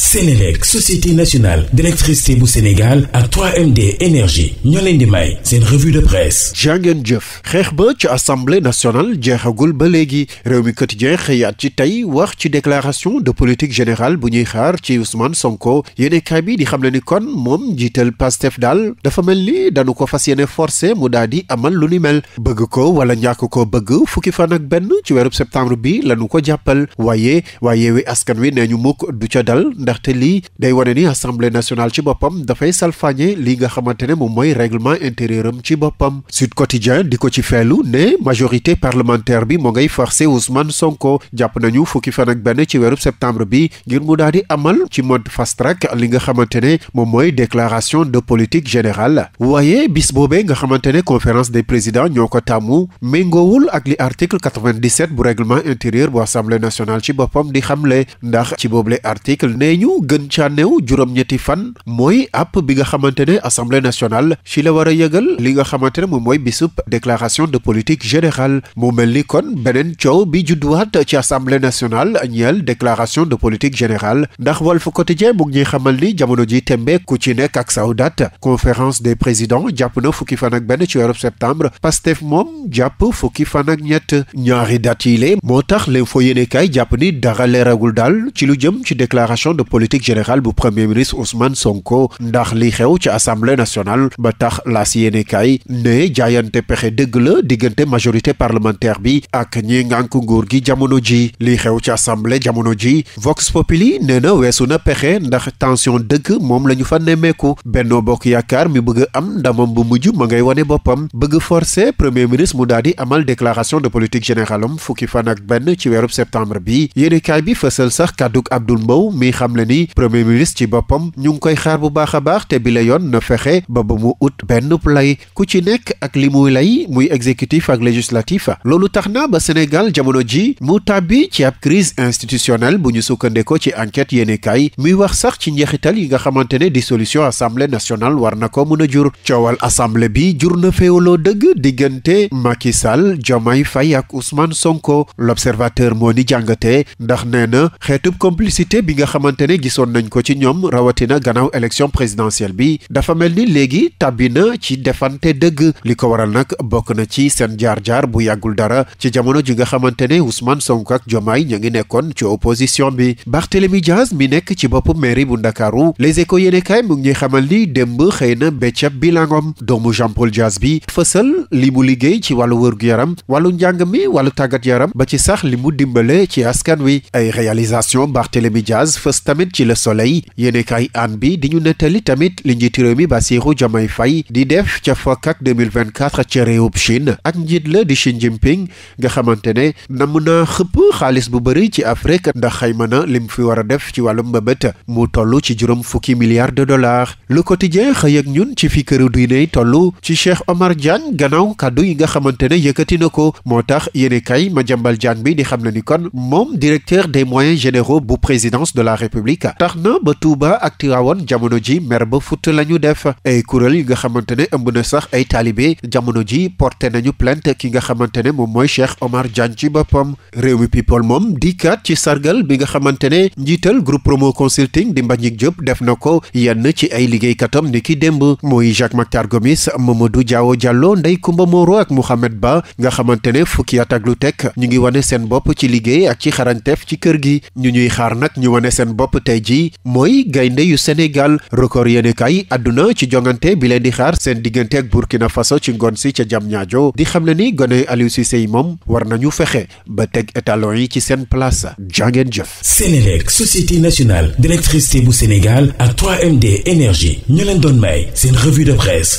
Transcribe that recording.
Sénélec société nationale d'électricité bu Sénégal ak 3MD énergie ñoo leen di may seen revue de presse jàngeen jëf xeex ba ci assemblée nationale jeexagul ba léegi réew mi quotidien xëyaat ci tey wax ci déclaration de politique général bu ñuy xaar ci Ousmane Sonko yéenekaay bi di xam ne ni kon moom jiital Pastef daal dafa mel ni dañu ko fas yéene forcé mu daal di amal lu ni mel bëgg ko wala ñàkk ko bëgg fukki fan ak benn ci weerub septembre bi lañu ko jàppal waaye waaye wi askan wi nee ñu mukk du ca dal ndaxte lii day wane ni assemblée nationale ci boppam dafay salfaañe li nga xamante ne moom mooy règlement intérieur am ci boppam Sud Quotidien di ko ci feelu ne majorité parlementaire bi moo ngay forcé Ousmane Sonko jàpp nañu fukki fan ak benn ci weerub septembre bi ngir mu daal di amal ci mode fast track li nga xamante ne moom mooy déclaration de politique général waaye bis boobee nga xamante ne conférence des présidents ñoo ko tàmmu méngoowul ak li article 97 bu règlement intérieur bu assemblée nationale ci boppam di xamle ndax ci boobule article nañu gën caa néew juróom-ñetti fan mooy app bi nga xamante ne assemblée nationale ci la war a yëgal li nga xamante ne moom mooy bisub déclaration de politique générale mu mel ni kon beneen coow bi judduwaat ci assemblée nationale ñeel déclaration de politique générale ndax Walf Quotidien mu ngi ñuy xamal ni jamono ji te ku ci nekk ak sawdat conférence des président jàpp na fukki fan ak benn ci weeru septembre Pastef moom jàpp fukki fan ak ñett ñaari date moo tax l'info yéene kaay jàpp ni daal lu jëm ci de politique générale bu premier ministre Ousmane Sonko ndax li xew ci assemblée nationale ba tax laas yéene kaay ne jaayante pexe dëgg la diggante majorité parlementaire bi ak ñi ngànk nguur gi jamono ji li xew ci assemblée jamono ji Vox Populi nee na weesu na pexe ndax tension dëgg moom la ñu fa nemmeeku Benno Bokk Yaakaar mi bëgg am ndamam bu mujj ma ngay wane boppam bëgg forcer premier ministre mu daal di amal déclaration de politique générale fukki fan ak benn ci weerub septembre bi yéene bi fësal sax kàddug Abdoul Mbow xamle ni premier ministre ci boppam ñu ngi koy xaar bu baax a baax te bi la yoon na fexe ba ba mu ut benn lay ku ci nekk ak li muy lay muy exécutif ak législatif loolu tax na ba Sénégal jamono ji mu tàbbi ci ab crise institutionnelle bu ñu sukkandekoo ci enquête yéenekaay muy wax sax ci njeexital yi nga xamante ne solution assemblée national war na ko mën a jur coowal assemblée bi jur na féewaloo dëgg diggante Macky Sall Diomaye Faye ak Ousmane Sonko l'observateur moo ni jàngate ndax nee xeetub complicité bi nga xamante xamante ne gisoon nañ ko ci ñoom rawatina gannaaw élection présidentielle bi dafa mel ni léegi tàbbi na ci defante dëgg li ko waral nag bokk na ci seen jaar-jaar bu yàggul dara ci jamono ji nga xamante ne Ousmane Sonko ak Diomaye ñu ngi nekkoon ci opposition bi Barthélémy Diaz mi nekk ci boppu mairie bu Ndakaaru Les Échos yéenekaay mu ngi xamal ni démb xëy na béccab bilangom doomu Jean-Paul Diaz bi fësal li mu liggéey ci wàllu gu yaram wàllu njàng mi wàllu tàggat yaram ba ci sax li mu dimbale ci askan wi ay réalisation Barthélémy Diaz fës tamit ci le soleil yéenekaay aan bi di ñu nettali tamit li njiitu réew mi Bassirou Diomaye fay di def ca FOCAC 2024 ca réewub Chine ak njiit la di Xi Jinping nga xamante ne namm naa xëpp xaalis bu bëri ci Afrique ndax xayma na lim fi war a def ci wàllum mbëbët mu toll ci juróom fukki milliards de dollars le quotidien xëy ak ñun ci fi këru diine tollu ci Cheikh Omar Diagne gannaaw kàddu yi nga xamante ne yëkkati na ko moo tax ma Madiambal Diagne bi di xam ne ni kon moom directeur des moyens généraux bu présidence de la République république tax na ba Touba ak Tiwaawoon jamono ji mer ba futt la def ay kuréel yi nga xamante ne ëmb na sax ay taalibe jamono ji porté nañu plainte ki nga xamante ne moom mooy Cheikh Omar Diagne ci boppam Rewmi People moom dikat ci sargal bi nga xamante ne njiital groupe promo consulting di Mbagnick Diop def na ko yenn ci ay liggéeykatam ni ki démb mooy Jacques Mactar Gomis Mamadou Diawo Diallo Ndeye Kumba Moro ak Mouhamed Ba nga xamante ne fukki at ak lu teg gi ñu ñuy xaar nag ñu wane seen nopp tey ji mooy gaynde yu Sénégal record yéene kay àdduna ci jongante bi leen di xaar seen diggante ak Burkina Faso ci ngoon si ca Diamniadio di xam ne ni gone Aliou Cissé yi moom war nañu fexe ba teg étalon yi ci seen place jàngeen jëf Sénélec société nationale d'électricité bu Sénégal ak md énergie ñu leen doon may seen revue de presse